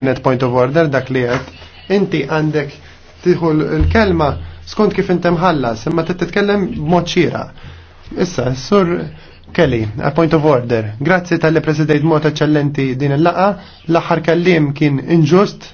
net point of order dak li għed, inti għandek tiħu l-kelma skont kif intem ħalla, imma t tetkellem moċira. Issa, sur Kelly, a point of order. Grazzi tal-President mod eccellenti din il-laqa, l-aħħar kellim kien inġust,